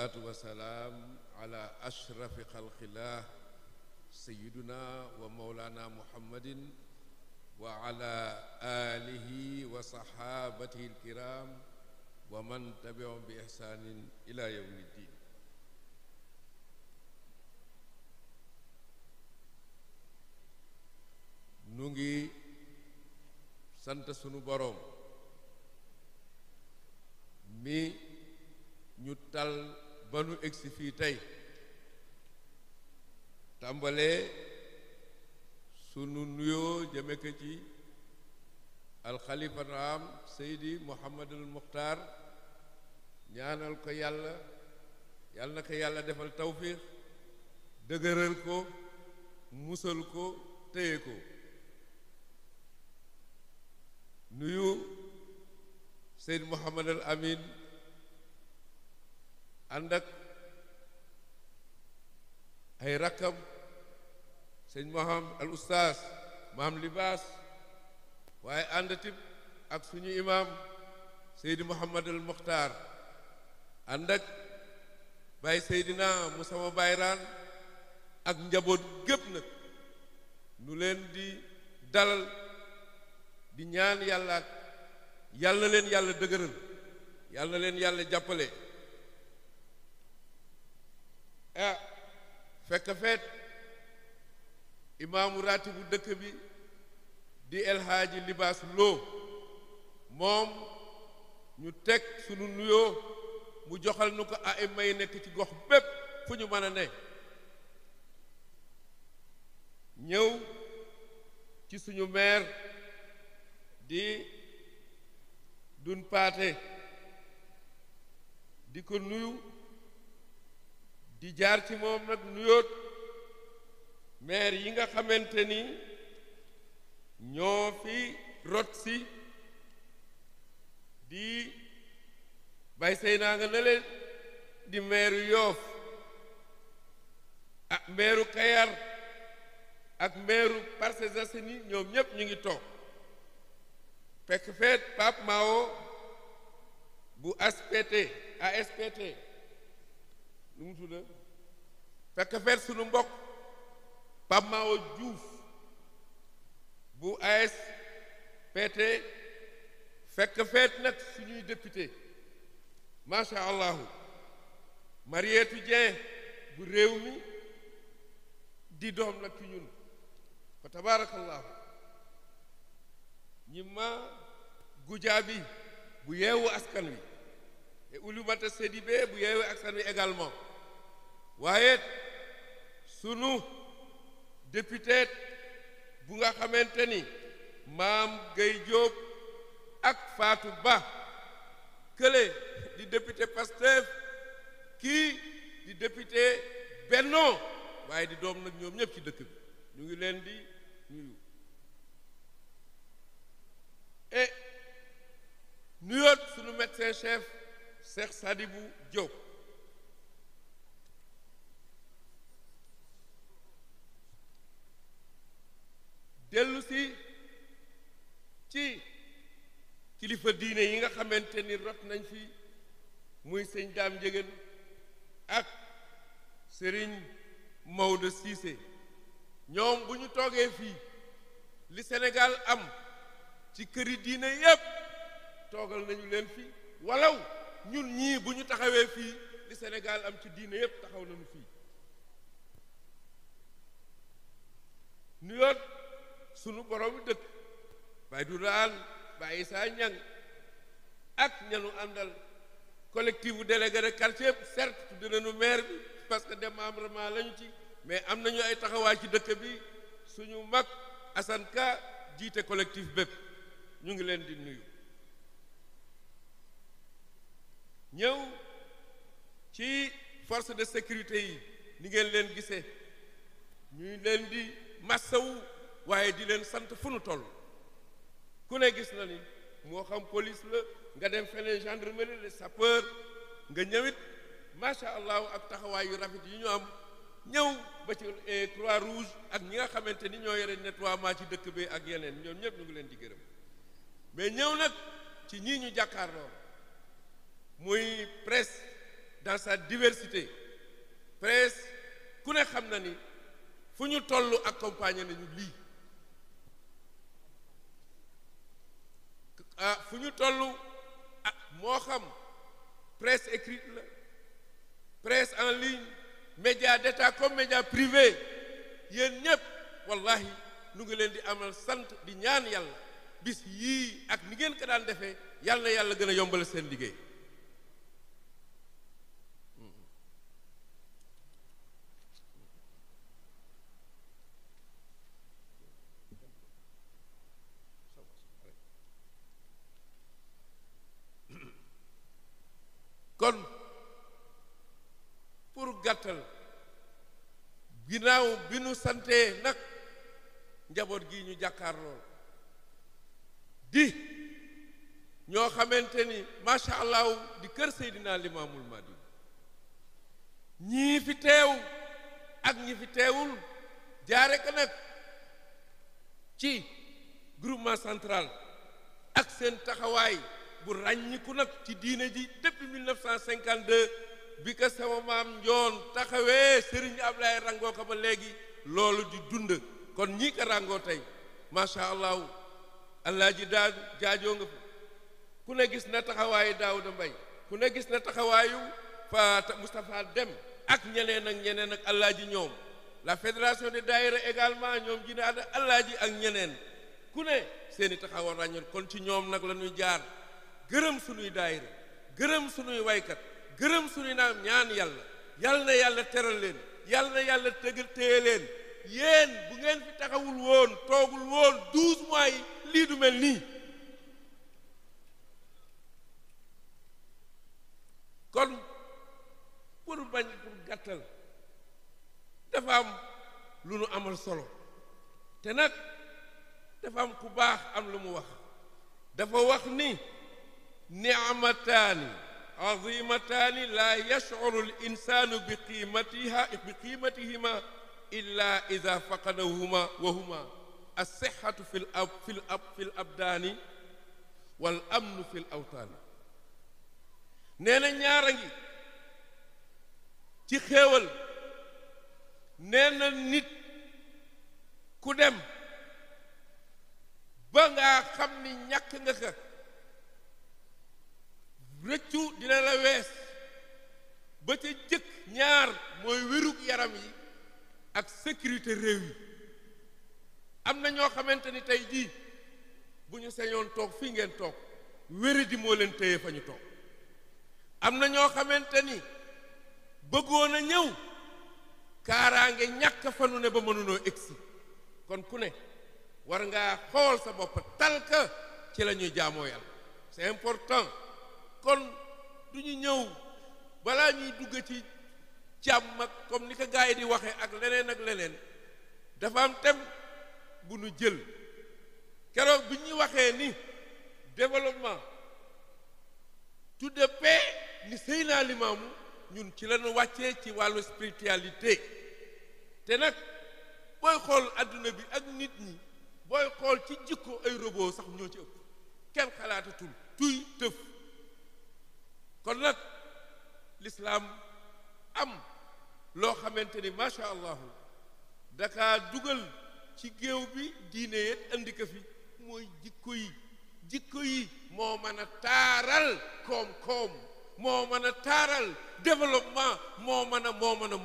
salaatu wa salaam ala ashrafi xalqillah sayiduna wa mawlana muhammadin wa ala alihi wa saxaabatihi alkiram wa man tabiahum bi ihsaanin ila yawmi ddin nu ngi sant sunu boroom mi ñu tal ba nu egsi fii tey tàmbalee sunu nuyoo jëme ko ci alxalifa naam seydi muhammadul muxtaar ñaanal ko yàlla yàlla na ko yàlla defal tawfiix dëgëral ko musal ko téye ko nuyu seyd muhammadul amin ànd ak ay rakkam sëñ moham al ustaas maam libaas waaye ànd tib ak suñu imaam seydi muhammad al muxtaar ànd ak bàyyi seydina mu sama bayraan ak njaboot gépp nag nu leen di dalal di ñaan yàlla yàlla na leen yàlla dëgëral yàlla na leen yàlla jàppale ah fekk feet imaamu raati bu dëkk bi di El Hadji Libaas Lo moom ñu teg sunu nuyoo mu joxal nu ko ay may nekk ci gox bépp fu ñu mën a ne ñëw ci suñu maire di dun di ko nuyu di jaar ci moom nag nuyoot maire yi nga xamante ni ñoo fi rot di bay sey naa nga ne di meeru Yoof ak meeru Kayar ak meeru Parcelles Assainies ñoom ñépp ñu ngi toog fekk feet Pape bu ASPT ASPT lu mu tudda fekk feet sunu mbokk Pape Mahawa bu AS PT fekk feet nag suñuy député macha allahu Mariétu Dieng bu réew mi di doom nag ci ñun fa tabarakallahu ñi ma gujaabi bu yeewu askan wi et Oulimata bu yeewu askan wi également waaye sunu député bu nga xamante ni maam Guèye Diop ak Fatou Ba kële di député Pastef kii di député Benno waaye di doom nag ñoom ñëpp ci dëkk bi ñu ngi leen di nuyu et nuyoot sunu médecin chef Cheikh Sadibou Diop dellu ci kilifa diine yi nga xamante ni rot nañ fi muy sëñ daam njëgën ak sëriñ Maodo siise ñoom bu ñu toogee fii li Sénégal am ci kër këri diine yépp toogal nañu leen fi walaw ñun ñii bu ñu taxawee fii li Sénégal am ci diine yépp taxaw nañu fii nuyoot sunu borom dëkk bay du daan bàyyi saa ñang ak ñanu àndal collective bu délégué de quartier certes tudd nañu maire bi parce que démembrement lañu ci mais am nañu ay taxawaay ci dëkk bi suñu mag Assane jiite collective bépp ñu ngi leen di nuyu ñëw ci force de sécurité yi ni ngeen leen gisee ñuy leen di massawu waaye di leen sant fu nu toll ku ne gis na ni moo xam police la nga dem feneen gendarmerie les sapeurs nga ñëwit macha allah ak taxawaay yu rafet yu ñu am ñëw ba ci croix rouge ak ñi nga xamante ni ñoo yore nettoiement ci dëkk bi ak yeneen ñoom ñëpp ñu ngi leen di gërëm mais ñëw nag ci ñii ñu jàkkaarloo muy presse dans sa diversité presse ku ne xam na ni fu ñu toll accompagner nañu lii ah fu ñu toll ak ah, moo xam presse écrite la presse en ligne média d'état comme média privé yéen ñëpp wallahi nu ngi leen di amal sant di ñaan yàlla bis yii ak ni ngeen ko daan defee yàlla na yàlla gën a yombal seen liggéey ginnaaw bi nu santee nag njaboot gi ñu jàkkaar di ñoo xamante ni macha allah di kër Seydina Limaamul Mahdi ñii fi teew ak ñi fi teewul jaare ko nag ci groupement central ak seen taxawaay bu ràññiku nag ci diine ji depuis 1952 bi ko sama maam njoon taxawee Serigne Ablaye rangoo ko ba léegi loolu di dund kon ñii ko rangoo tey macha allah allah ji daa jaajoo nga fa ku ne gis na taxawaayu Daouda Mbaye ku ne gis na taxawaayu fa Moustapha Dem ak ñeneen ak ñeneen ak allah ji ñoom la fédération de daïra également ñoom ji naa allah ji ak ñeneen ku ne seeni taxawal ràññoon kon ci ñoom nag lañuy jaar gërëm sunuy daayira gërëm sunuy waykat gërëm suñu naam ñaan yàlla yàlla na yàlla teral leen yàlla na yàlla tëgal téye leen yéen bu ngeen fi taxawul woon toogul woon douze mois yi lii du mel nii kon pour bañ pour gàttal dafa am lu nu amal solo te nag dafa am ku baax am lu mu wax dafa wax ni ni'mataani azimataani laa yashcuru linsaanu bi qiimatiha bi qiimatihima illa ida faqadahuma wa huma alsixatu fi lab fi lab fi l abdaani wal amnu fi l awtaani nee na ñaar a ngi ci xéewal nee na nit ku dem ba nga xam ni ñàkk nga ka rëccu dina la wees ba ca jëkk ñaar mooy wérug yaram yi ak sécurité réew yi am na ñoo xamante ni tey jii bu ñu sañoon toog fii ngeen toog wéradi moo leen téye fa ñu toog am na ñoo xamante ni bëggoon a ñëw kaaraange ñàkk fanu ne ba mënunoo egsi kon ku ne war ngaa xool sa bopp tal ci la ñuy jaamoo yàlla c'est important kon du ñu ñëw balaa ñuy dugg ci càmm ak comme ni ko gars yi di waxee ak leneen ak leneen dafa am thème bu nu jël keroog bi ñuy waxee ni développement tudde paix ni sëy naa limaamu ñun ci lañu wàccee ci wàllu spiritualité te nag booy xool àdduna bi ak nit ñi booy xool ci jikko ay robot sax ñoo ci ëpp kenn xalaatatul tuy tëf kon nag lislaam am loo xamante ni macha allahu dakaa dugal ci géew bi diine yet ko fi mooy jikko yi jikko yi moo mën a taaral koom-koom moo mën a taaral développement moo mën a moo mën a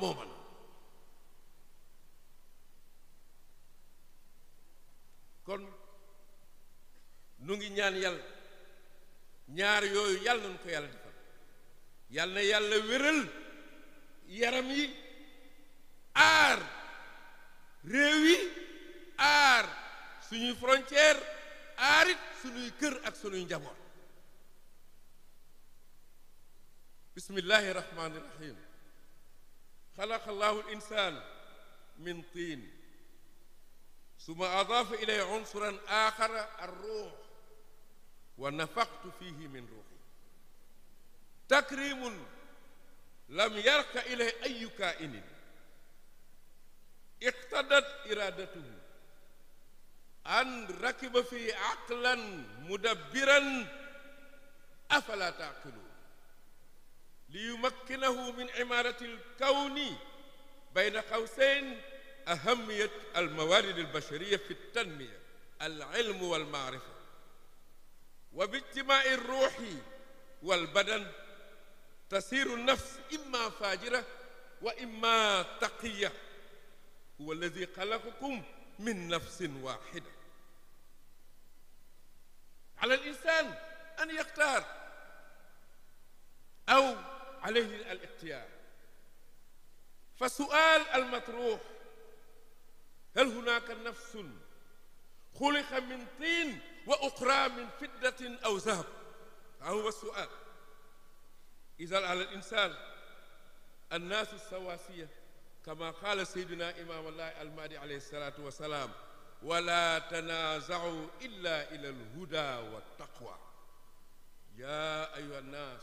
kon nu ngi ñaan yàlla ñaar yooyu yàlla nañu ko yàlla def yal na yàlla wéral yaram yi aar réew yi aar suñuy frontière aarit suñuy kër ak suñuy njaboot bismillahi rahmaani rahim xalaqa allahu al insan min tiin suma adaafa ilay unsuran axara ar ruux wa nafaqtu fihi min ruuxi takrimun lam yarka ilay ayu kainin iqtadat iradatuhu an rakiba fi aqlan mudabbiran afala taqilun liyumakkinahu min imarati alkawni bayna qawsayn ahamiyat almawarid albashariya fi ltanmiya alilmu walmaarifa wa bijtimaai alruuxi walbadan tasiiru nafs imma faajira wa imma taqiya huwa alladi xalaqakum min nafsin waxida ala alinsan an yaxtaar aw alayhi alixtiyaar fa sual almatruux hal hunaka nafsun xuliqa min tiin wa uxra min fiddatin aw zahab fa huwa sual izal alal insaan annaasu sawaasiya kama qaala sayduna imaamallaahi almahdi alayhi salaatu wa salaam wala tanaazau illa ila alhuda wa taqwa yaa ayuha nnaas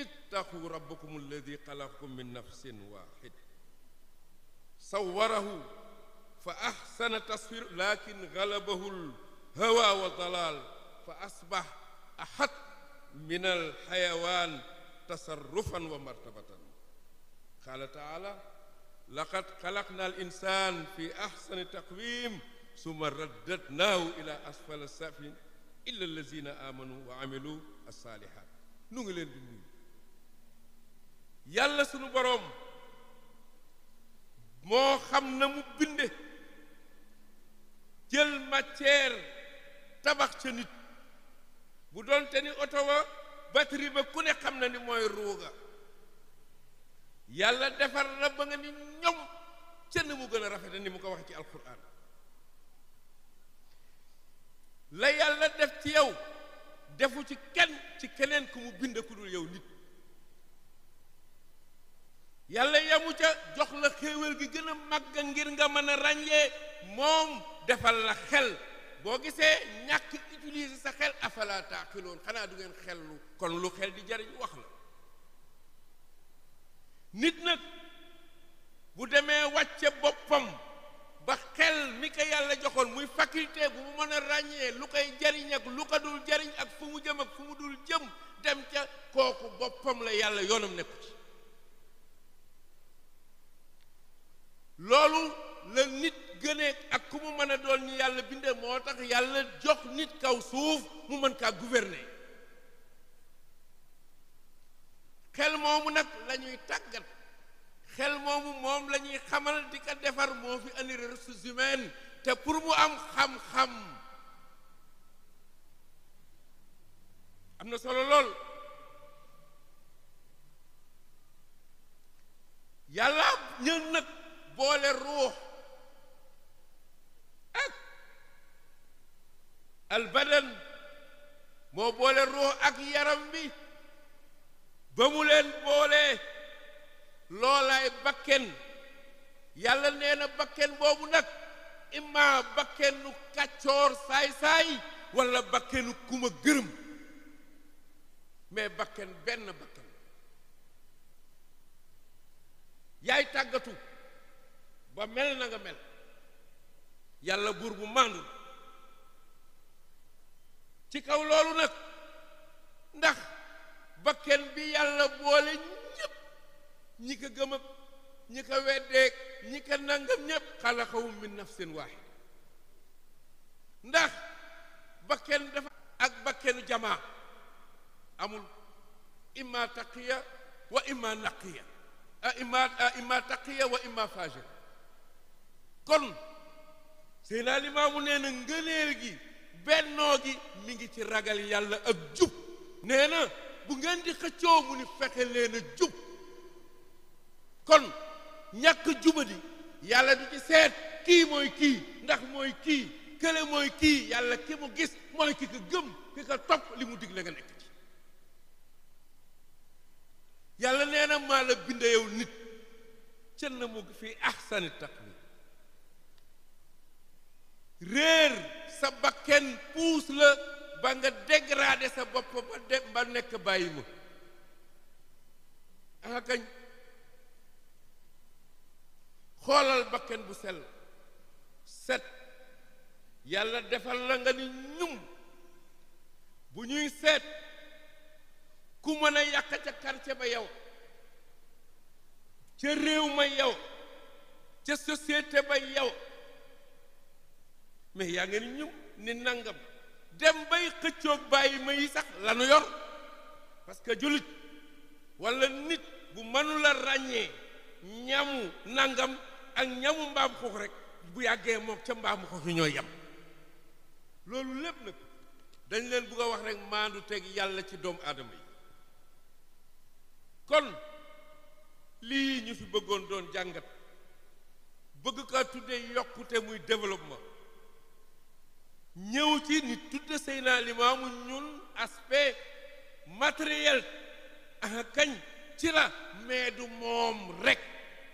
ittaqu rabbakum alladi xalaqakum min nafsin waxida sawarahu fa axsana taswir lakin galabahu lhawa wa dalaal fa asbax axat min alxayawaan tasarrufan wa martabatan qaala taala laqad xalaqna al insan fi axsani taqwim summa raddatnaahu ila asfala safin illa allazina amanu wa amilu alsaalihat nu ngi leen di nuyu yàlla sunu boroom moo xam na mu binde jël matière tabax ca nit bu doonte ni oto wa batri ba ku ne xam na ni mooy ruuga yàlla defar na ba nga ni ñoom cën mu gën a rafete ni mu ko waxee ci alquran la yàlla def ci yow defu ci kenn ci keneen ku mu bind ku dul yow nit yàlla yamu ca jox la xéewal gi gën a ngir nga mën a ràññee moom defal la xel boo gisee ñàkk utilise sa xel afala taaqiloon xanaa du ngeen xellu kon lu xel di jariñ wax la nit nag bu demee wàcce boppam ba xel mi ko yàlla joxoon muy faculté bu mu mën a ràññee lu koy jariñ ak lu ko dul jariñ ak fu mu jëm ak fu mu dul jëm dem ca kooku boppam la yàlla yoonam nekku ci loolu la nit gënee ak ku mu mën a doon ñu yàlla bindee moo tax yàlla jox nit kaw suuf mu mën kaa gouverner xel moomu nag lañuy tàggat xel moomu moom la ñuy xamal di ko defar moo fi indi ressources humaines te pour mu am xam-xam am na solo lool yàlla ñën nag boole ruux ak albadan moo boole ruux ak yaram bi ba mu leen boolee loolaay bakken yàlla nee na bakken boobu nag imma bakkenu kàccoor saay-saay walla bakkenu kuma gërëm mais bakken benn bakken yaay tàggatu ba mel na nga mel yàlla buur bu màndu ci kaw loolu nag ndax bakken bi yàlla boole ñépp ñi ko gëm ñi ko weddeek ñi ko nangam ñépp xalaqahum min nafsin waahida ndax bakken dafa ak bakkenu jamaa amul imma taqiya wa imma naqiya imma taqiya wa imma fajir kon Seydina Limaamu nee na ngëneel gi bennoo gi mi ngi ci ragal yàlla ak jub nee na bu ngeen di xëccoo mu ni fexe leen a jub kon ñàkk jubadi yàlla du ci seet kii mooy kii ndax mooy kii kële mooy kii yàlla ki mu gis mooy ki ko gëm ki ko topp li mu digle nga nekk ci yàlla nee na maa la binde nit cën na mu fi ahsani taqwi réer sa bakken puus la ba nga dégradé sa bopp ba de ba nekk bàyyi ma anga xoolal bakken bu sell set yàlla defal la nga ni ñum bu ñuy seet ku mën a yàq ca quartier ba yow ca réew ma yow ca société ba yow mais yaa ngeen ñëw ne nangam dem bay xëccoog bàyyi ma yi sax lanu yor parce que jullit walla nit bu mënula ràññee ñamu nangam ak ñamu mbaam xuux rek bu yàggee moom ca mbaamu xuux ñoo yam loolu lépp nag dañ leen bugg a wax rek maandu teg yàlla ci doomu aadama yi kon lii ñu fi bëggoon doon jàngat bëgg ko tuddee yokkute muy développement ñëw ci ni tudd Seydina Limaamu ñun aspect matériel kañ ci la mais du moom rekk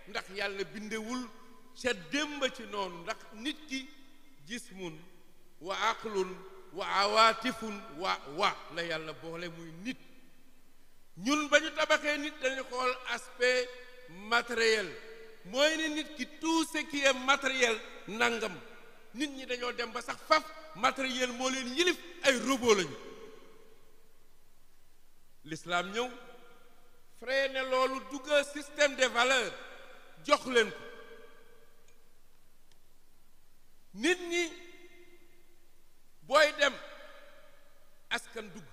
ndax yàlla bindewul ca démb ci noonu ndax nit ki jismun wa aqlun wa awaatifun wa wa la yàlla boole muy nit ñun ba ñu tabaxee nit dañu xool aspect matériel mooy ne nit ki tout ce qui nangam nit ñi dañoo dem ba sax faf matériel moo leen yilif ay robot lañu lislaam ñëw ne loolu dugga système des valeurs jox leen ko nit ñi booy dem askan dugg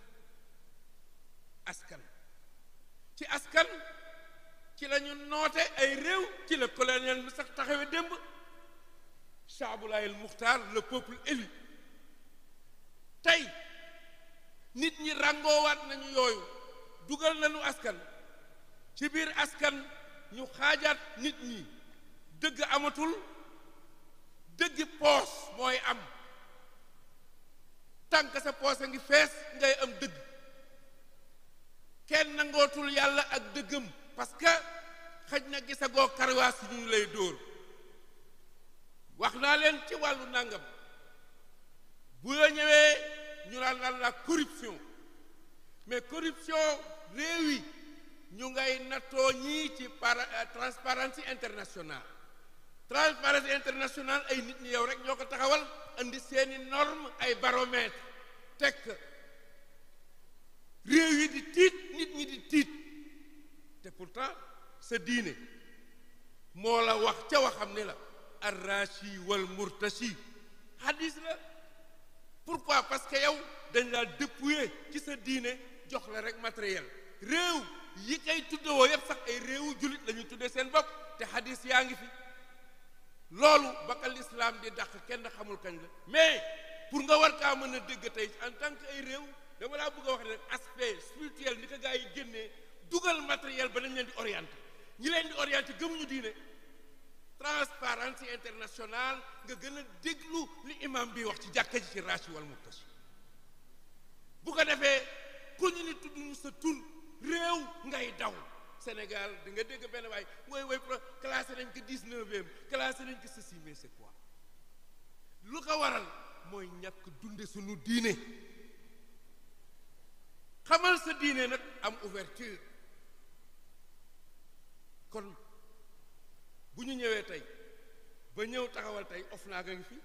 askan ci askan ci la ñu noote ay réew ci la colonial bi sax taxawe démb Chaabulaayil Muxtaar le peuple élu tey nit ñi ràngoowaat nañu yooyu dugal nañu askan ci biir askan ñu xaajaat nit ñi dëgg amatul dëggi poos mooy am tànk sa poos a ngi fees ngay am dëgg kenn nangootul yàlla ak dëggam parce que xëj na gisagoo karwaas yu ñu lay dóor wax naa leen ci wàllu nàngam bu la ñëwee ñu naan lan la corruption mais corruption réew yi ñu ngay nattoo ñii ci par euh, transparence internationale transparence internationale ay nit ñi yow rek ñoo ko taxawal indi seeni norme ay baromètre tekk réew yi di tiit nit ñi di tiit te pourtant sa diine moo la wax ca waxam ni la arrachi wal murtashi hadis la pourquoi parce que yow dañ laa dépouiller ci sa diine jox la rek matériel réew yi kay tuddewoo yépp sax ay réewu jullit la ñu tuddee seen bopp te xadis yaa ngi fi loolu bakal islam di dàq kenn xamul kañ la mais pour nga war kaa mën a dégg tey en tant que ay réew dama laa bëgg a wax rek aspect spirituel ni ko gaa yi génnee dugal matériel ba dañ leen di oriente ñi leen di orienté gëmuñu diine transparence internationale nga gën a déglu li imam bi wax ci jàkka ji ci raasi wal murtashi bu ko defee ku ñu ni tudd sa tur réew ngay daw Sénégal di dégg benn waay woy wooy pro classé nañ ko dix-neuvième classé nañ ko ceci mais c'est quoi lu ko waral mooy ñàkk dunde suñu diine xamal sa diine nag am ouverture kon bu ñu ñëwee tey ba ñëw taxawal tey OFNAC a ngi fi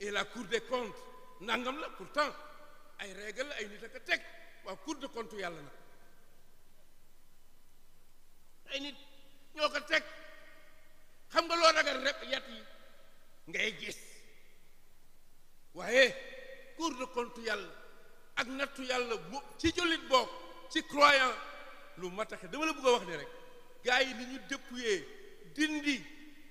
et la cour de comptes nangam la pourtant ay règle ay nit ak a teg waaw cour de comptes yàlla na ay nit ñoo ko teg xam nga loo ragal rek yat yi ngay gis waaye cour des comptes yàlla ak nattu yàlla bu ci jullit book ci croyant lu mataxe dama la bëgg a wax ne rek gars yi ni ñu dépouillé dindi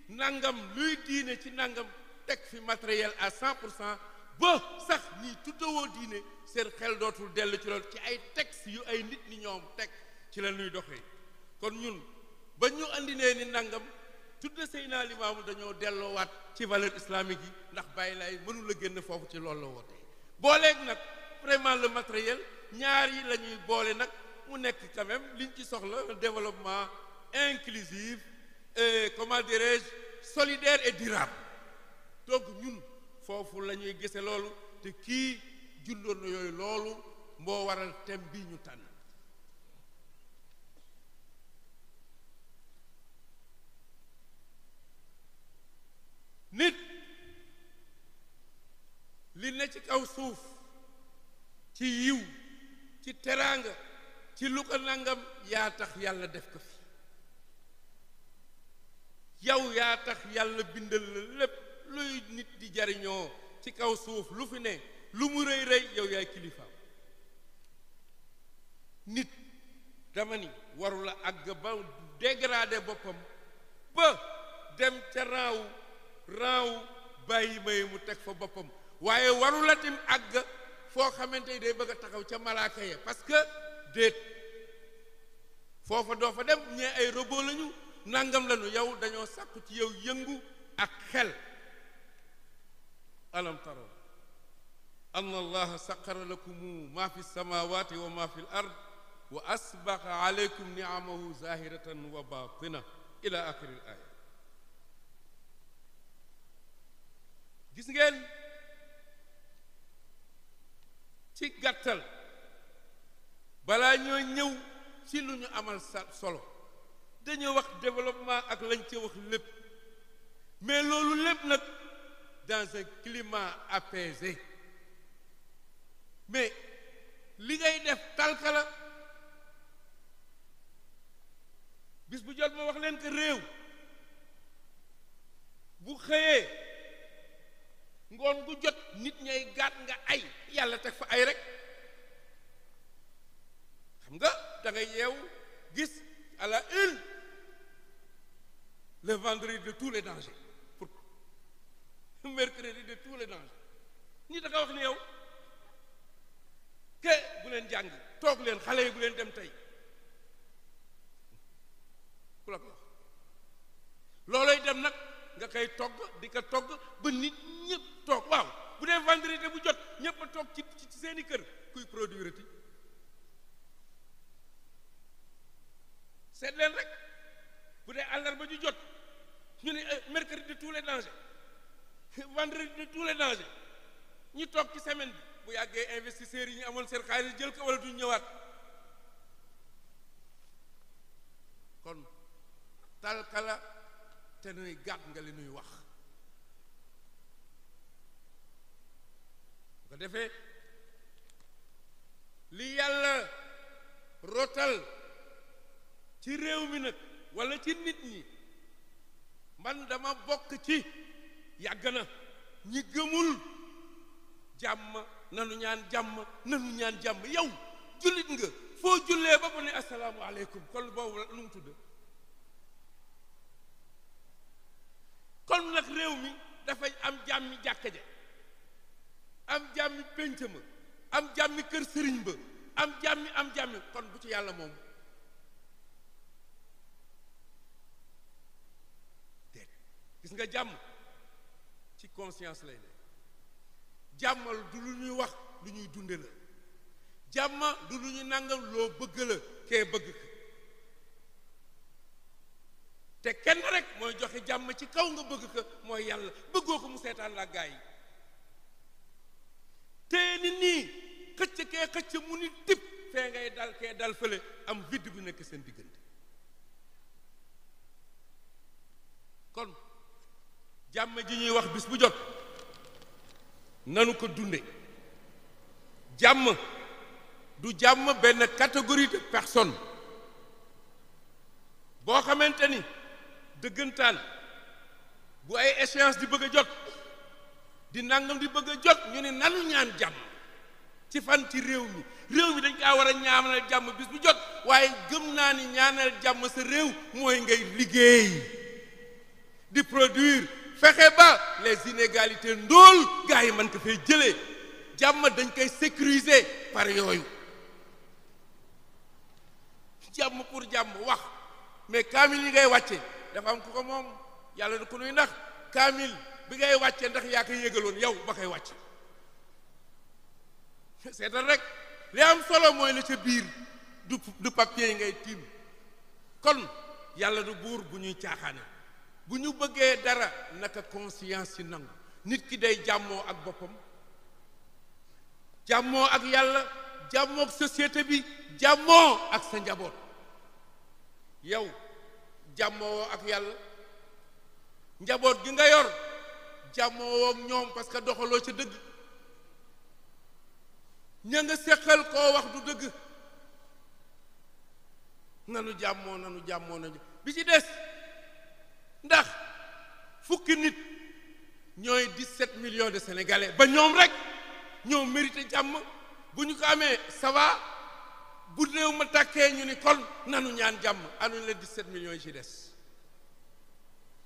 nangam luy diine ci nangam teg fi matériel à cent pour cent ba sax ñi tuddawoo diine seen xel dootul dell ci loolu ci ay texte yu ay nit ñi ñoom teg ci la ñuy doxee kon ñun ba ñu indi nee ni nangam tudde Seydina Limaamu dañoo delloowaat ci valeur islamique yi ndax bàyyi laay mënul a génn foofu ci loolu la wootee booleeg nag vraiment le matériel ñaar yi la ñuy boole nag mu nekk quand même liñ ci soxla développement inclusif Euh, comment dirais-je solidaire et durable donc ñun foofu lañuy gise loolu te kii jundoon na yooyu loolu moo waral thème bi ñu tànn nit li ne ci kaw suuf ci yiw ci teraanga ci lu ko nangam yaa tax yàlla def ko fi yow yaa tax yàlla bindal la lépp luy nit di jariñoo ci kaw suuf lu fi ne lu mu rëy rëy yow yaay kilifaam nit dama ni warula àgg ba dégradé boppam ba dem ca raaw raaw bàyyi may mu teg fa boppam waaye warula tim àgg foo xamante ni day bëgg a taxaw ca malaaka ya parce que déet foofa doo fa dem ñee ay robot lañu nangam lañu yow dañoo sàkku ci yow yëngu ak xel alam taraw anna allaha saqara lakum ma fi samawati wa ma fi l wa asbaqa aleykum niamahu zahiratan wa batina ila axiri gis ngeen ci gàttal balaa ñoo ñëw ci lu ñu amal solo dañoo wax développement ak lañ ca wax lépp mais loolu lépp nag dans un climat apaisé mais li ngay def kalkala bis bu jot ma wax leen que réew bu xëyee ngoon gu jot nit ñay gaat nga ay yàlla teg fa ay rek xam nga da yeewu gis à la une le vendredi de tous les dangers pour mercredi de tous les dangers ñi da nga wax ne yow ke bu leen jàng toog leen xale yi bu leen dem tey ku la ko wax looloy dem nag nga koy togg di ko togg ba nit ñëpp toog waaw bu dee vendredi bu jot ñëpp a toog ci ci seeni kër kuy produire seet leen rek bu dee àllarba ñu jot ñu ne euh, mercredi de tous les dangers vendredi de tous les dangers ñu toog ci semaine bi bu yàggee investisseurs yi ñu amoon seen xaalis jël ko wala duñ ñëwaat kon talkala te nuy gàtt nga li nuy wax bu ko defee li yàlla rotal ci réew mi nag walla ci nit ñi man dama bokk ci yàgg na ñi gëmul jàmm nanu ñaan jàmm nanu ñaan jàmm yow jullit nga foo jullee ba mu ne asalaamu aleykum kon boobu nu mu tudd kon nag réew mi dafay am jàmmi jàkka ja am jàmmi pénc ma am jàmmi kër sëriñ ba am jàmmi am jàmmi kon bu ci yàlla moom gis nga jàmm ci conscience lay ne jàmmal du lu ñuy wax lu ñuy dunde la jàmm du lu ñu nangam loo bëgg la kee bëgg ko te kenn rek mooy joxe jàmm ci kaw nga bëgg ko mooy yàlla bëggoo ko mu seetaan la gaa yi tee ni nii xëcc kee xëcc mu ni tip fee ngay dal kee dal fële am vide bu nekk seen diggante kon jàmm ji ñuy wax bis bu jot nanu ko dunde jàmm du jàmm benn catégorie de personne boo xamante ni dëggantaan bu ay échéance di bëgg a jot di nangam di bëgg a jot ñu ne nanu ñaan jàmm ci fan ci réew mi réew mi dañ kaa war a ñaanal jàmm bis bu jot waaye gëm naa ni ñaanal jàmm sa réew mooy ngay liggéey di produire fexe ba les inégalités ndóol gaa yi mën ko fay jëlee jàmm dañ koy sécuriser par yooyu jàmm pour jàmm wax mais kaamil yi ngay wàcce dafa am ku ko moom yàlla du ko nuy ndax kaamil bi ngay wàcce ndax yaa koy yëgaloon yow ba koy wàcce seetal rek li am solo mooy na ca biir du du papier yi ngay tiim kon yàlla du buur bu ñuy caaxaane bu ñu bëggee dara naka conscience ci nangu nit ki day jàmmoo ak boppam jàmmoo ak yàlla jàmmoo ak société bi jàmmoo ak sa njaboot yow jàmmoo ak yàlla njaboot gi nga yor jàmmoo ak ñoom parce que doxaloo ca dëgg ña nga seqal koo wax du dëgg nanu jàmmoo nanu jàmmoo nañu bi ci des ndax fukki nit ñooy 17 million de sénégalais ba ñoom rek ñoo mérité jàmm bu ñu ko amee ça va bu néew ma tàkkee ñu ni kon nanu ñaan jàmm anuñ la 17 millions yi ci des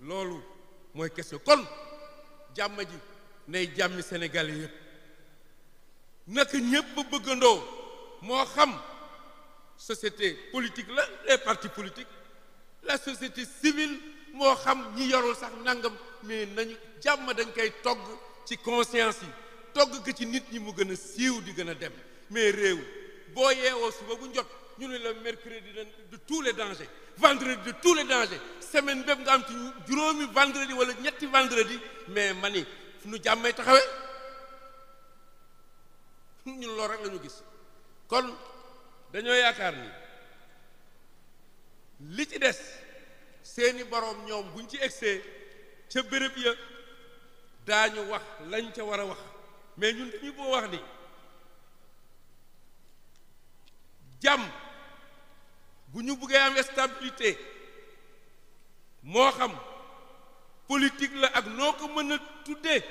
loolu mooy question kon jàmm ji nay jàmmi sénégalais yépp naka ñépp a bëggandoo moo xam société politique la les partis politique la société civile moo xam ñi yorul sax nangam mais nañu jàmm dañ koy togg ci conscience yi togg ko ci nit ñi mu gën a siiw di gën a dem mais réew boo yeewoo suba bu njot ñu ne la mercredi de tous les dangers vendredi de tous les dangers semaine bépp nga am ci juróomi vendredi wala ñetti vendredi mais mani nu jàmmay taxawee ñun loolu rek la ñu gis kon dañoo yaakaar ni li ci des seeni boroom ñoom buñ ci egsee ca béréb ya daañu wax lañ ca war a wax mais ñun dañu boo wax ni jàmm bu ñu bëggee am stabilité moo xam politik la ak noo ko mën a tuddee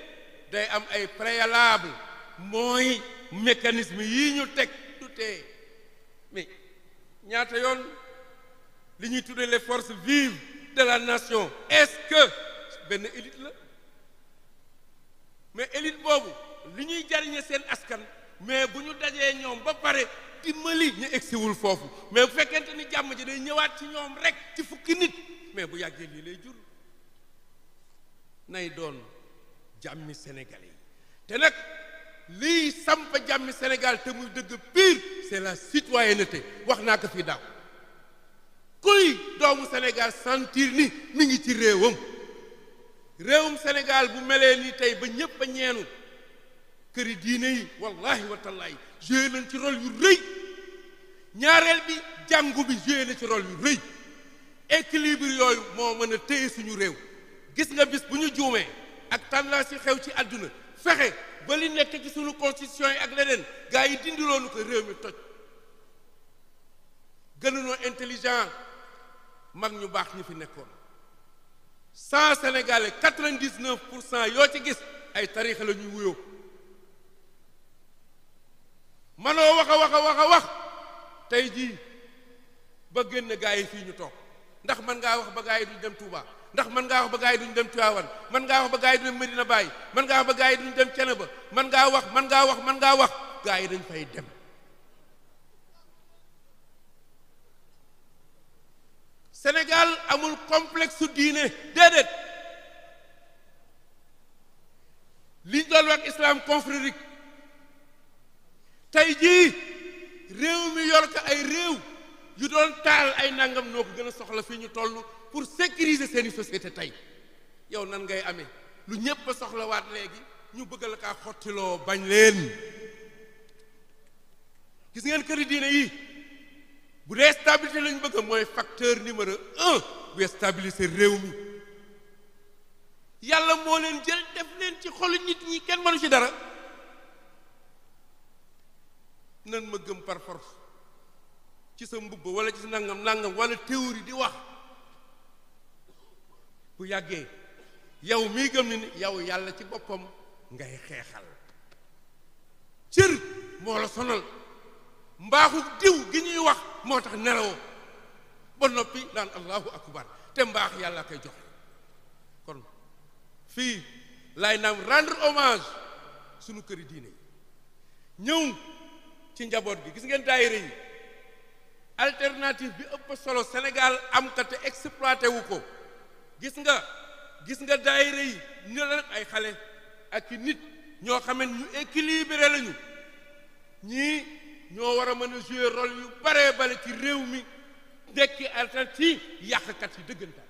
day am ay préalable mooy mécanisme yi ñu teg tuddee mais ñaata yoon li ñuy tuddee le forces vives de la nation est benn élite la mais élite boobu li ñuy jariñe seen askan mais bu ñu dajee ñoom ba pare dimbali ñu egsiwul foofu mais bu fekkente ni jàmm ji day ñëwaat ci ñoom rek ci fukki nit mais bu yàggee lii lay jur nay doon jàmmi Sénégalais yi te nag liy samp jàmmi Sénégal te muy dëgg pire c'est la citoyenneté wax naa ko fii daaw kuy doomu senegaal sentir ni mi ngi ci réewam réewum senegaal bu melee ni tey ba ñépp a ñeenu këri diine yi wallahi wa tallahi joué nañ ci rol yu rëy ñaareel bi jàngu bi joué ci rôle yu rëy équilibre yooyu moo mën a téye suñu réew gis nga bis bu ñu juumee ak tendance yi xew ci àdduna fexe ba li nekk ci suñu constitution yi ak leneen gaa yi dindiloonu ko réew mi toj noo intelligent mag ñu baax ñi fi nekkoon cent sénégalais quatre vingt pour cent yoo ci gis ay tarixa la ñuy wuyoo manoo wax a wax a wax a wax tey jii ba génn gaa yi fii ñu toog ndax mën ngaa wax ba gaa yi duñ dem Touba ndax man ngaa wax ba gaa yi duñ dem Tivaouane mën ngaa wax ba gaa yi duñ dem Medina Baye mën ngaa wax ba duñ dem Thiénaba mën ngaa wax mën ngaa wax mën ngaa wax gaa yi dañ fay dem Sénégal amul complexe diine déedéet lii doon wax islam confrérique tey jii réew mi yor ko ay réew yu doon taal ay nangam noo ko gën a soxla fii ñu toll pour sécuriser seeni société tey yow nan ngay amee lu ñépp a soxlawaat léegi ñu bëgg la kaa xottiloo bañ leen gis ngeen këri diine yi bu dee stabilité lañ bëgg mooy facteur numéro un bu stabiliser réew mi yàlla moo leen jël def leen ci xolu nit ñi kenn mënu ci dara nan ma gëm par ci sa mbubb wala ci sa nangam nangam wala théorie di wax bu yàggee yow mii gëm ni yow yàlla ci boppam ngay xeexal cër moo la sonal mbaaxu diw gi ñuy wax moo tax nelawoo ba noppi daan allahu akbar te mbaax yàlla koy joxe kon fii lay naam rendre hommage sunu këri diine yi ñëw ci njaboot gi gis ngeen daayira yi alternative bi ëpp solo Sénégal am ka te exploité wu ko gis nga gis nga daayira yi ñu la ay xale ak i nit ñoo xamee ñu équilibré lañu ñii ñoo war a mën a jouer rôle yu baree bare ci réew mi dekki altan ci yàqkat yi dëggantaan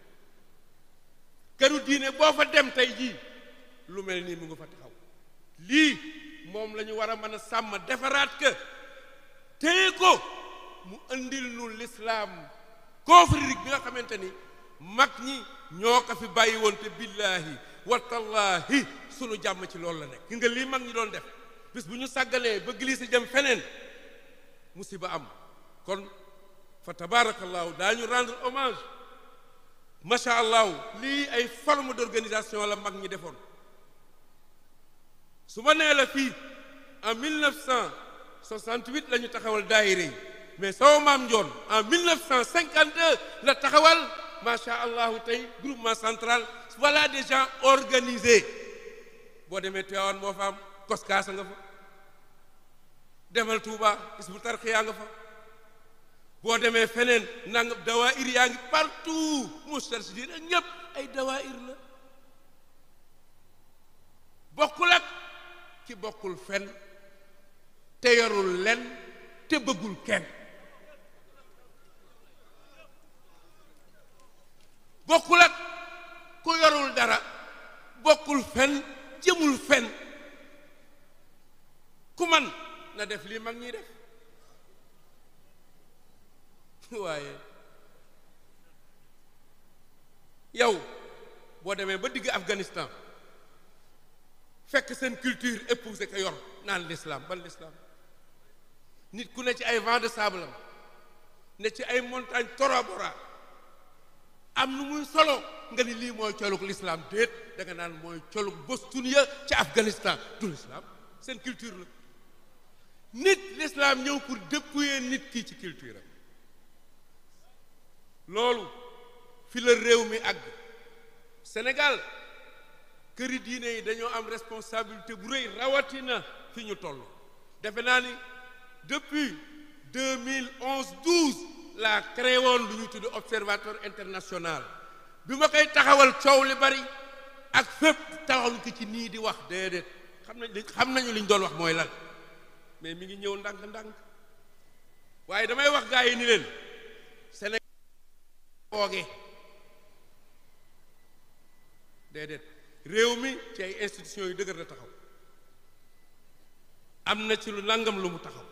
këru diine boo fa dem tey jii lu mel nii mu nga fa taxaw lii moom la war a mën a sàmm defaraat ka téye ko mu indil nu lislaam confrérie bi nga xamante ni mag ñi ñoo ko fi bàyyi woon te billaahi watallaahi sunu jàmm ci loolu la nekk ki nga lii mag ñi doon def bis bu ñu sàggalee ba glissé jëm feneen musiba am kon fa tabaarakallaahu daañu rendre hommage macha allahu lii ay forme d'organisation la mag ñi defoon su ma nee la fii en 1968 la ñu taxawal daayira yi mais sama maam Njoon en 1952 la taxawal macha allahu tey groupement central voilà des gens organisés boo demee Tivaouane moo fa am Koskaasa nga fa. demal Touba isbu tarx yaa nga fa boo demee feneen nanga dawaayir yaa ngi partout mustarsidin ak ñépp ay dawaayir la bokkul ak ki bokkul fenn te yorul lenn te bëggul kenn mag ñiy def waaye yow boo demee ba digg Afghanistan fekk seen culture épouse ka yor naan l'islam ban l'islam nit ku ne ci ay vent de sable am ne ci ay montagne Tora am lu muy solo nga ni lii mooy colug l'islam déet da naan mooy colug bostu ya ci Afghanistan du l'islam seen culture la nit l'islam ñëw pour dépouiller nit ki ci culture loolu fi la réew mi àgg Sénégal këri diine yi dañoo am responsabilité bu rëy rawatina fi ñu toll defe naa ni depuis 2011 12 laa créé woon lu ñu tudd observatoire international bi ma koy taxawal coow li bari ak fépp taxawal ki ci nii di wax déedéet xam nañ xam nañu li ñu doon wax mooy lan mais mi ngi ñëw ndànk-ndànk waaye damay wax gaa yi ni leen Sénégal ooge déedéet réew mi ci ay institutions yu dëgër la taxaw am na ci lu nangam lu mu taxaw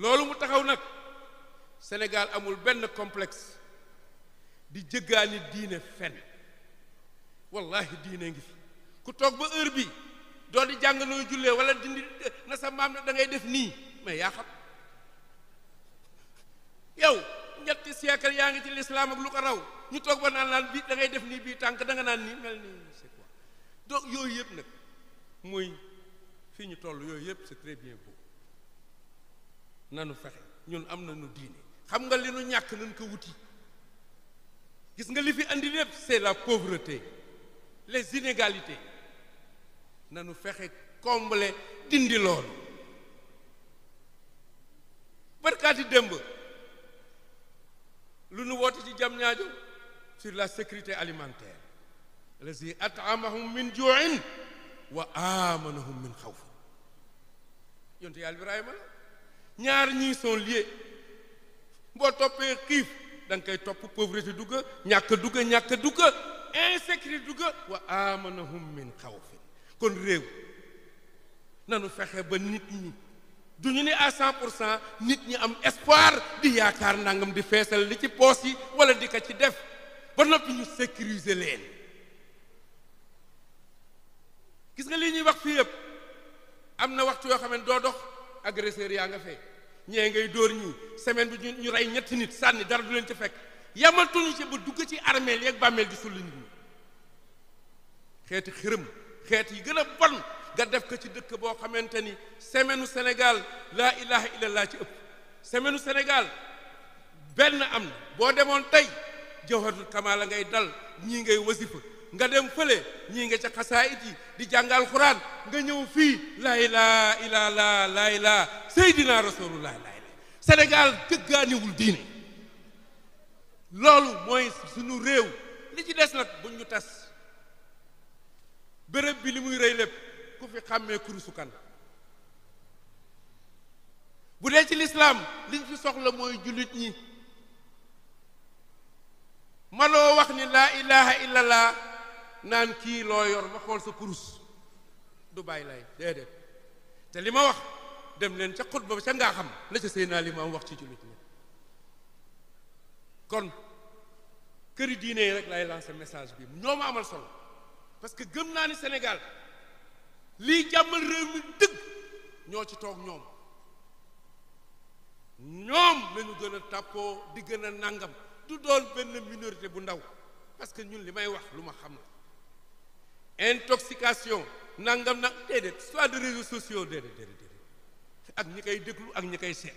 loolu mu taxaw nag Sénégal amul benn complex di jëggaani diine fenn wallahi diine ngi ku toog ba heure bi doo di jàng looy jullee wala dindi na sa maam da ngay def nii mais yaa xam yow ñetti siècle yaa ngi ci lislaam ak lu ko raw ñu toog ba naan naan bi da ngay def nii bii tànk danga nga naan nii mel nii c'est quoi yooyu yëpp nag mooy fii ñu toll yooyu yëpp c'est très bien beau nanu fexe ñun am na nu diine xam nga li nu ñàkk nañ ko wuti gis nga li fi andi lépp c'est la pauvreté les inégalités nanu fexe combler dindi loolu barkaati démb lu nu woote ci jam ñaajo sur la sécurité alimentaire allazi atamahum min juin wa amanahum min xawf yonte yàlla Ibrahima ñaar ñii sont liés boo toppee xiif da koy topp pauvreté dugga ñàkk dugga ñàkk dugga insécurité dugga wa amanahum min xawf kon réew nanu fexe ba nit ñi du ñu ne à cent pour cent nit ñi am espoir di yaakaar nangam di feesal li ci poos yi wala di ko ci def ba noppi ñu sécuriser leen gis nga lii ñuy wax fii yëpp am na waxtu yoo xam ne doo dox agresseur yaa nga fee ñee ngay dóor ñu semaine bi ñu rey ñetti nit sànni dara du leen ci fekk yamatuñu ci ba dugg ci armeel yeeg bàmmeel di sulli nit xeeti xërëm xeet yi gën a bon nga def ko ci dëkk boo xamante ni semaine Sénégal laa ilaha illallah ci ëpp semaine Sénégal benn am na boo demoon tey jawharatul kamala ngay dal ñii ngay wasifa nga dem fële ñii nga ca xasaayit yi di jàngal xuraan nga ñëw fii laa ilaa ilaa laa laa ilaa seydina rasulullah laa ilaa Sénégal jëggaaniwul diine loolu mooy sunu réew li ci des nag buñ ñu tas bërëb bi li muy rëy lépp ku fi xàmmee kurusu kan bu dee ci lislaam liñ fi soxla mooy jullit ñi manoo wax ni laa ilaha illallah naan kii loo yor ma xool sa kurus du bàyyi lay déedéet te li ma wax dem leen ca xutba ca ngaa xam la ca seen alimaam wax ci jullit ñi kon këri diine yi rek lay lancer message bi ñoo ma amal solo parce que gëm naa ni Sénégal lii jàmmal réew mi dëgg ñoo ci toog ñoom ñoom lañu gën a tàppoo di gën a nàngam du dool benn minorité bu ndaw parce que ñun li may wax lu ma xam la intoxication nàngam nag déedéet soit de réseaux sociaux déedéet ak ñi koy déglu ak ñi koy seet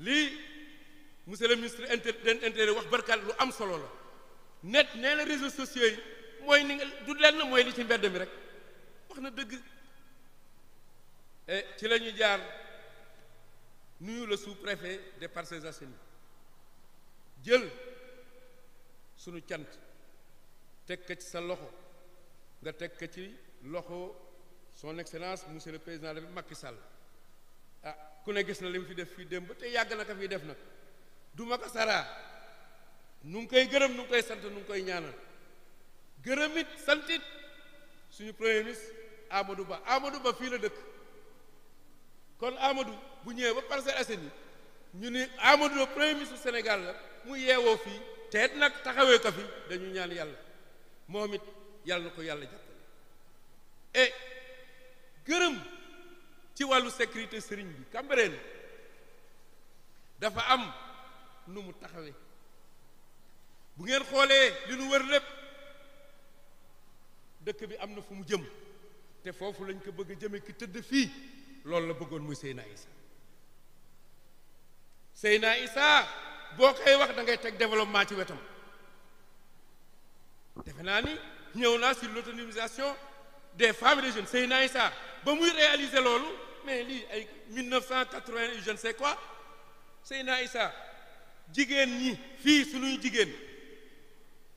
lii monsieur le ministre inter intérieur wax barkaat lu am solo la net nee na réseaux sociaux yi mooy ni nga du lenn mooy li ci mbedd mi rek wax na dëgg eh, ci la ñu jaar nuyu le sous-préfet des Parcelles Assainies jël sunu cant teg ka ci sa loxo nga teg ka ci loxo son excellence monsieur le président de Macky Sall ah ku ne gis na li mu fi def fii démb te yàgg na ka fi def nag du ma ko saraa nu ngi koy gërëm nu ngi koy sant nu ngi koy ñaanal gërëmit santit suñu premier ministre Amadou Ba Amadou Ba fii la dëkk kon Amadou bu ñëwee ba parce que Parcelles Assainies ñu ni Amadou Ba premier ministre Sénégal la mu yeewoo fii teet nag taxawee ko fi dañu ñaan yàlla moom it yàlla na ko yàlla jàppale et gërëm ci wàllu sécurité sëriñ bi Cambérène dafa am nu mu taxawe bu ngeen xoolee li nu wër lépp dëkk bi am na fu mu jëm te foofu lañ ko bëgg a jëme ki tëdd fii loolu la bëggoon muy Seyna Issa naa isaa boo koy wax dangay teg développement ci wetam defe naa ni ñëw naa sur l'autonomisation des femmes jeunes des naa Seyna Issa ba muy réaliser loolu mais lii ay 1980 je ne sais quoi naa isaa jigéen ñi fii suñuy jigéen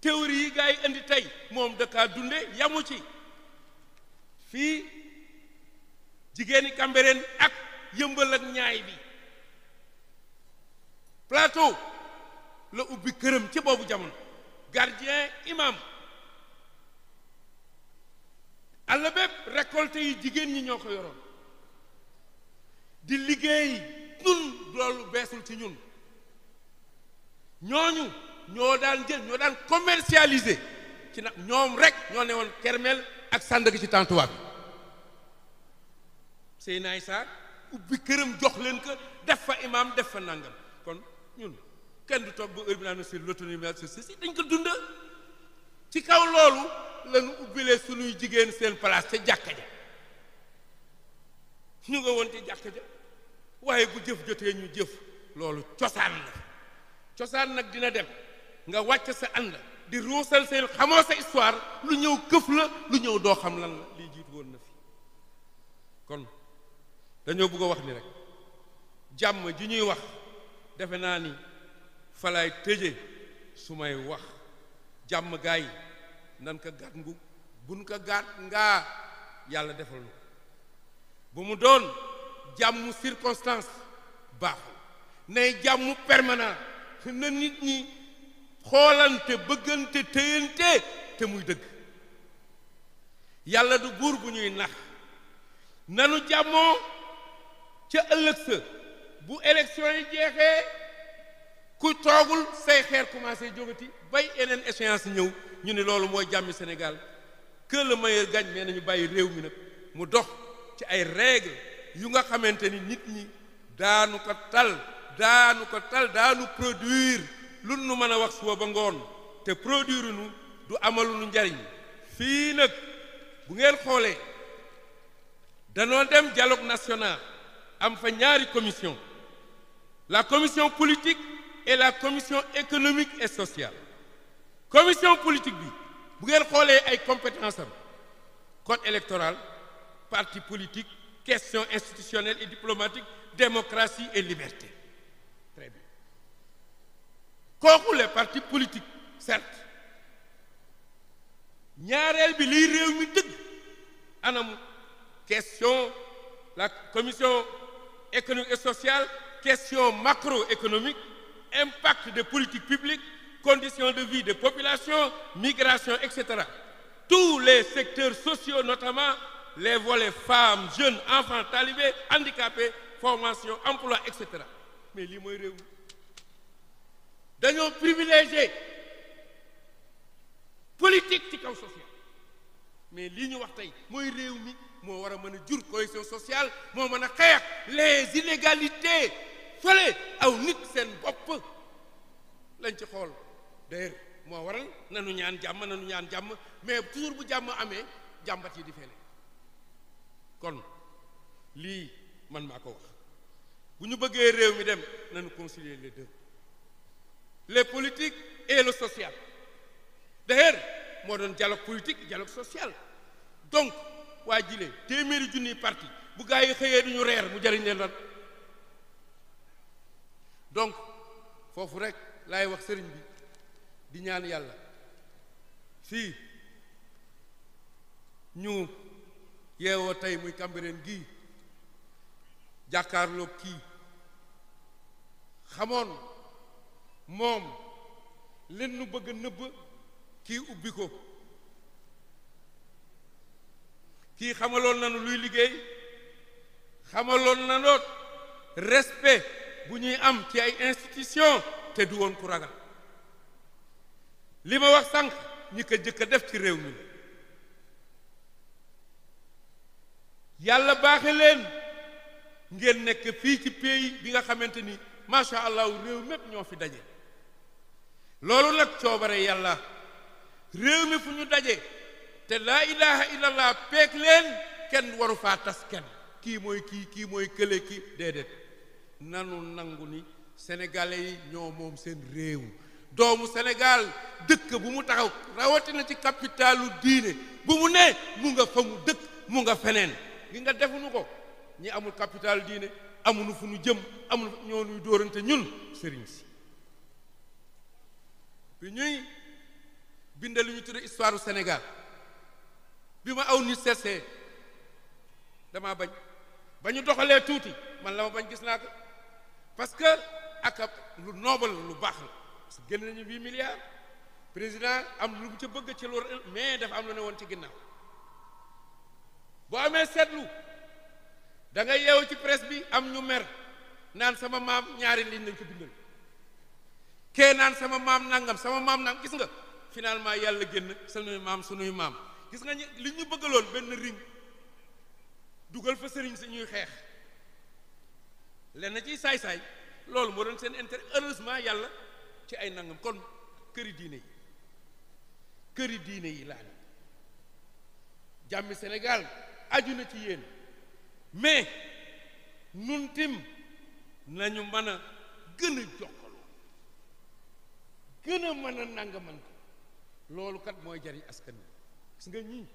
théorie yi gaa yi indi tey moom dakaa dunde yamu ci fii jigéeni Cambérène ak yëmbal ak ñaay bi plateau la ubbi këram ci boobu jamono gardien imam àll bépp récolte yi jigéen ñi ñoo ko yoroon di liggéey ñun loolu beesul ci ñun ñooñu ñoo daan jël ñoo daan commercialiser ci nag ñoom rek ñoo ne woon Kermel ak Sandaga ci tentuwaa bi nay Issa ubbi këram jox leen ko def fa imaam def fa nangam kon ñun kenn du toog ba heure bi naan sur l'autonomie si dañ ko dund ci kaw loolu lañu ubbilee suñuy jigéen seen place ca jàkka ja ñu nga woon ca jàkka ja waaye bu jëf jotee ñu jëf loolu cosaan la cosaan nag dina dem nga wàcc sa ànd di ruusal seen xamoo sa histoire lu ñëw këf la lu ñëw doo xam lan la liy jiit woon na fi kon dañoo bëgg a wax ni rek jàmm ji ñuy wax defe naa ni falaay tëje su may wax jàmm gaa yi nan ko gaat ngu buñ ko gaat ngaa yàlla defal nu bu mu doon jàmm circonstance baaxul nay jàmm permanent na nit ñi xoolante bëggante téyante te muy dëgg yàlla du buur bu ñuy nax nanu jàmmoo ca ëllëg sa bu élection yi jeexee ku toogul say xeer commencé jógati bay eneen échéance ñëw ñu ne loolu mooy jàmmi Sénégal que le meilleur gagne nañu bàyyi réew mi nag mu dox ci ay règles yu nga xamante ni nit ñi daanu ko tal daanu ko tal daanu produire lu nu mën a wax suba ba ngoon te produire nu du amalu nu njariñ fii nag bu ngeen xoolee danoo dem dialogue national am fa ñaari commission la commission politique et la commission économique et sociale commission politique bi bu ngeen xoolee ay compétence am code électoral parti politique question institutionnelle et diplomatique démocratie et liberté très kooku les partis politiques certes ñaareel bi liy réew mi dëgg anam question la commission économique et sociale question macroéconomique impact de politiques publiques conditions de vie des population migration etc tous les secteurs sociaux notamment les volets femmes jeunes enfants talibés handicapés formation emploi etc mais lii mooy réew dañoo privilégié politique ci kaw social mais lii ñu wax tey mooy réew mi moo war a mën a jur cohésion sociale moo mën a xeex les inégalités fële aw nit seen bopp lañ ci xool d'ailleurs moo waral nanu ñaan jàmm nanu ñaan jàmm mais toujours bu jàmm amee jàmbat yi di fele kon lii man maa ko wax bu ñu bëggee réew mi dem nanu concilier les deux les politiques et le social d'ailleurs moo doon dialogue politique dialogue social donc waa jile téeméeri junniy parti bu gaa yi xëyee du ñu reer mu jëriñ leen lan donc foofu rek laay wax sëriñ bi di ñaan yàlla si ñu yeewoo tey muy Cambérène gii jàkkaarloo kii xamoon moom leen lu bëgg nëbb kii ubbi ko kii xamaloon nanu luy liggéey xamaloon nanu respect bu ñuy am ci ay institution te du woon ku ragal li ma wax sànq ñi ko jëkk a def ci réew mi yàlla baaxe leen ngeen nekk fii ci pays bi nga xamante ni macha allah réew mépp ñoo fi daje loolu nag coobare yàlla réew mi fu ñu daje te laa ilaha illallah peeg leen kenn waru faa tas kenn kii mooy kii kii mooy kële ki déedéet nanu nangu ni sénégalais yi ñoo moom seen réew doomu sénégal dëkk bu mu taxaw rawatina ci capitalu diine bu mu ne mu nga fa mu dëkk mu nga feneen gi nga defuñu ko ñi amul capital diine amuñu fu ñu jëm amul ñoo ñuy dóorante ñun sëriñ si bi ñuy bindal lu ñu tudde histoire du Sénégal bi ma aw nit seesee damaa bañ ba ñu doxalee tuuti man la ma bañ gis naa ko parce que ak lu noble lu baax la parce génn nañu huit milliards président am lu mu ca bëgg ci loolu mais dafa am lu ne woon ci ginnaaw boo amee seetlu da nga yeewu ci presse bi am ñu mer naan sama maam ñaari liñ lañ ko bindal kee naan sama maam nangam sama maam nangam gis nga finalement yàlla génn sunuy maam sunuy maam gis nga li ñu bëggaloon benn ring dugal fa sëriñ si ñuy xeex lenn ci saay-saay loolu moo doon seen intérêt heureusement yàlla ci ay nangam kon këri diine yi këri diine yi laa ne jàmmi Sénégal aju na ci yéen mais nun tim nañu mën a gën a jokk gën a mën a nangaman ko loolu kat mooy jariñ askan wi gis nga ñii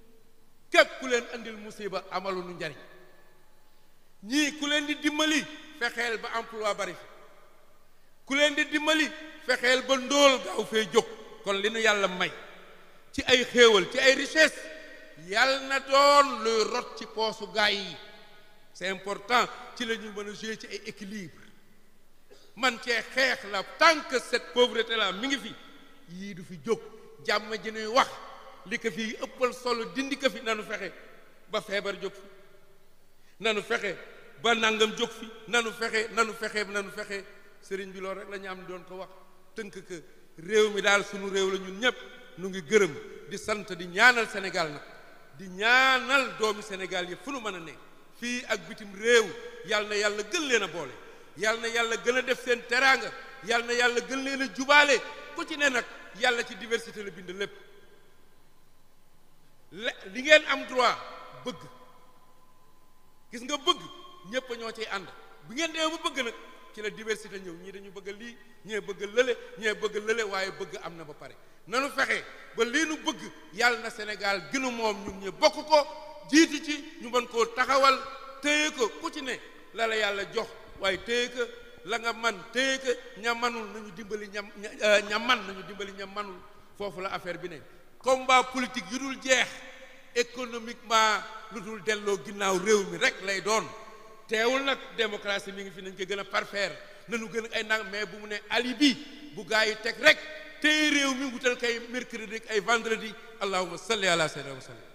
képp ku leen andil musiba amalu nu njariñ ñii ku leen di dimbali fexeel ba emploi bari fi ku leen di dimbali fexeel ba ndóol gaaw fee jóg kon li nu yàlla may ci ay xéewal ci ay richesse yàlla na doon luy rot ci poosu gaay yi c'est important ci la ñu mën a jouer ci ay équilibre man cee xeex la tant que cette pauvreté là mi ngi fi yii du fi jóg jàmm ji nuy wax li ko fi ëppal solo dindi ko fi nanu fexe ba feebar jóg fi nanu fexe ba nangam jóg fi nanu fexe nanu fexe nanu fexe sëriñ biloo rek lañu ñu am doon ko wax tënk que réew mi daal sunu réew la ñun ñépp nu ngi gërëm di sant di ñaanal Sénégal nag di ñaanal doomi Sénégal yi fu nu mën a ne fii ak bitim réew yàlla na yàlla gën leen a boole yal na yàlla gën a def seen teraanga yal na yàlla gën leen a jubaale ku ci ne nag yàlla ci diversité la bind lépp li ngeen am droit bëgg gis nga bëgg ñépp ñoo ciy ànd bu ngeen dee bu bëgg nag ci la diversité ñëw ñii dañu bëgg lii ñee bëgg lële ñee bëgg lële waaye bëgg am na ba pare nanu fexe ba lii nu bëgg yàlla na Sénégal gënu moom ñun ñu bokk ko jiitu ci ñu mën koo taxawal téye ko ku ci ne lala yàlla jox waaye téye ka la nga man téye ka ña manul nañu dimbali ña ña man nañu dimbali ña manul foofu la affaire bi ne combat politique yu dul jeex economiquement lu dul delloo ginnaaw réew mi rek lay doon teewul nag démocratie mi ngi fi nañ ko gën a parfaire nañu gën ay nag mais bu mu ne alibi bu gaa yi teg rek téye réew mi wutal kay mercredi ak ay vendredi allahumma salli ala sayyidina wa